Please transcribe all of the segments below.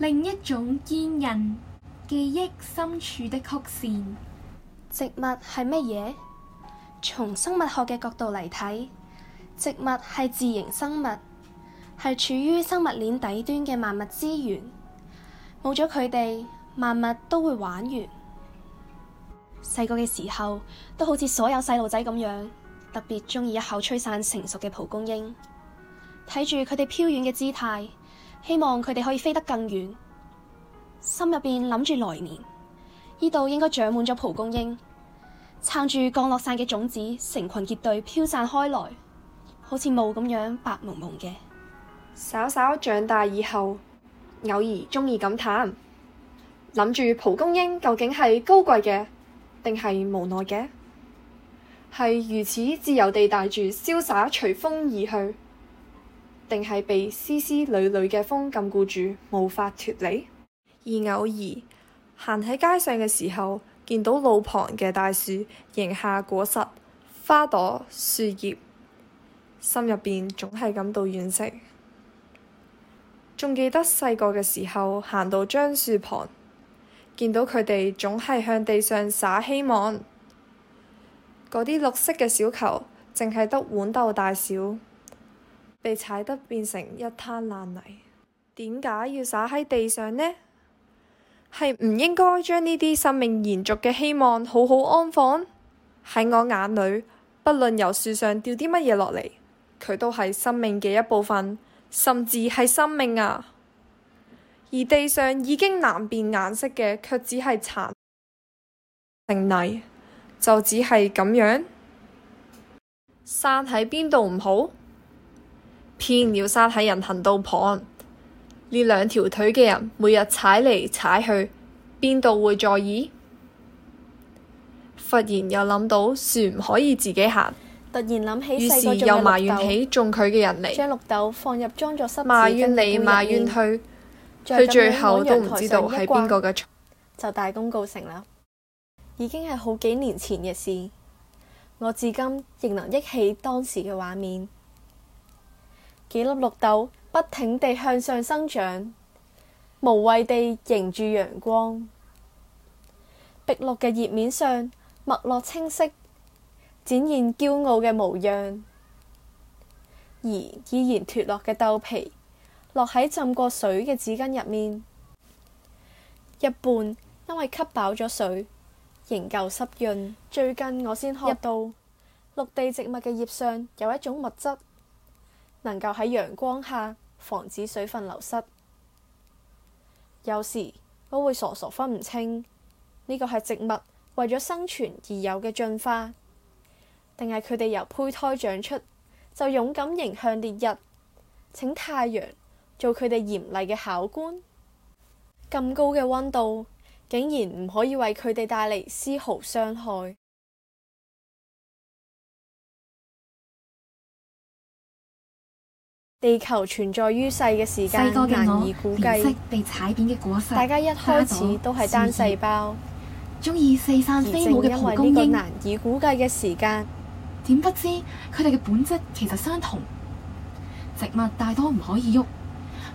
另一種堅韌記憶深處的曲線。植物係乜嘢？從生物學嘅角度嚟睇，植物係自營生物，係處於生物鏈底端嘅萬物之源。冇咗佢哋，萬物都會玩完。細個嘅時候，都好似所有細路仔咁樣，特別鍾意一口吹散成熟嘅蒲公英，睇住佢哋飄遠嘅姿態。希望佢哋可以飛得更遠，心入邊諗住來年，呢度應該長滿咗蒲公英，撐住降落傘嘅種子成群結隊飄散開來，好似霧咁樣白濛濛嘅。稍稍長大以後，偶爾鍾意感嘆，諗住蒲公英究竟係高貴嘅，定係無奈嘅？係如此自由地帶住瀟灑隨風而去。定係被絲絲縷縷嘅風禁錮住，無法脱離。而偶爾行喺街上嘅時候，見到路旁嘅大樹，營下果實、花朵、樹葉，心入邊總係感到惋惜。仲記得細個嘅時候，行到樟樹旁，見到佢哋總係向地上撒希望，嗰啲綠色嘅小球，淨係得豌豆大小。被踩得變成一灘爛泥，點解要撒喺地上呢？係唔應該將呢啲生命延續嘅希望好好安放？喺我眼裏，不論由樹上掉啲乜嘢落嚟，佢都係生命嘅一部分，甚至係生命啊！而地上已經難辨顏色嘅，卻只係殘成泥，就只係咁樣散喺邊度唔好？偏要生喺人行道旁，呢兩條腿嘅人每日踩嚟踩去，邊度會在意？忽然又諗到船唔可以自己行，突然諗起細個種綠豆，於是又埋怨起種佢嘅人嚟。將綠豆放入裝咗濕紙巾嘅罐入面，埋怨嚟埋怨去，佢最後埋怨 都唔知道係邊個嘅錯，就大功告成啦。已經係好幾年前嘅事，我至今仍能憶起當時嘅畫面。幾粒綠豆不停地向上生長，無畏地迎住陽光。碧綠嘅葉面上，脈絡清晰，展現驕傲嘅模樣。而依然脫落嘅豆皮，落喺浸過水嘅紙巾入面，一半因為吸飽咗水，仍舊濕潤。最近我先學到，陸地植物嘅葉上有一種物質。能夠喺陽光下防止水分流失。有時我會傻傻分唔清，呢個係植物為咗生存而有嘅進化，定係佢哋由胚胎長出就勇敢迎向烈日，請太陽做佢哋嚴厲嘅考官？咁高嘅溫度竟然唔可以為佢哋帶嚟絲毫傷害。地球存在於世嘅時間世難以估計，被踩扁嘅果實大家一開始都係單細胞，鍾意四散飛舞嘅蒲公英。因為呢個難以估計嘅時間，點不知佢哋嘅本質其實相同。植物大多唔可以喐，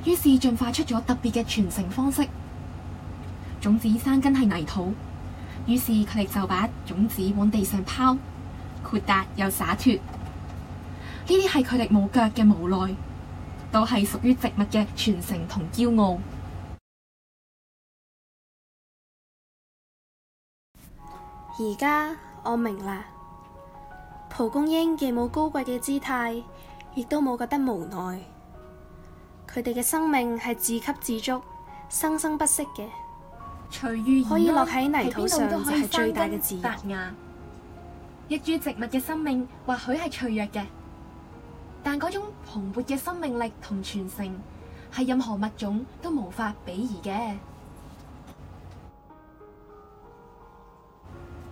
於是進化出咗特別嘅傳承方式。種子生根係泥土，於是佢哋就把種子往地上拋，豁達又灑脫。呢啲係佢哋冇腳嘅無奈。都係屬於植物嘅傳承同驕傲。而家我明啦，蒲公英既冇高貴嘅姿態，亦都冇覺得無奈。佢哋嘅生命係自給自足、生生不息嘅，隨遇而安，可以落喺泥土上就係最大嘅自由。一株植物嘅生命或許係脆弱嘅。但嗰種蓬勃嘅生命力同傳承，係任何物種都無法比擬嘅。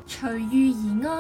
隨遇而安。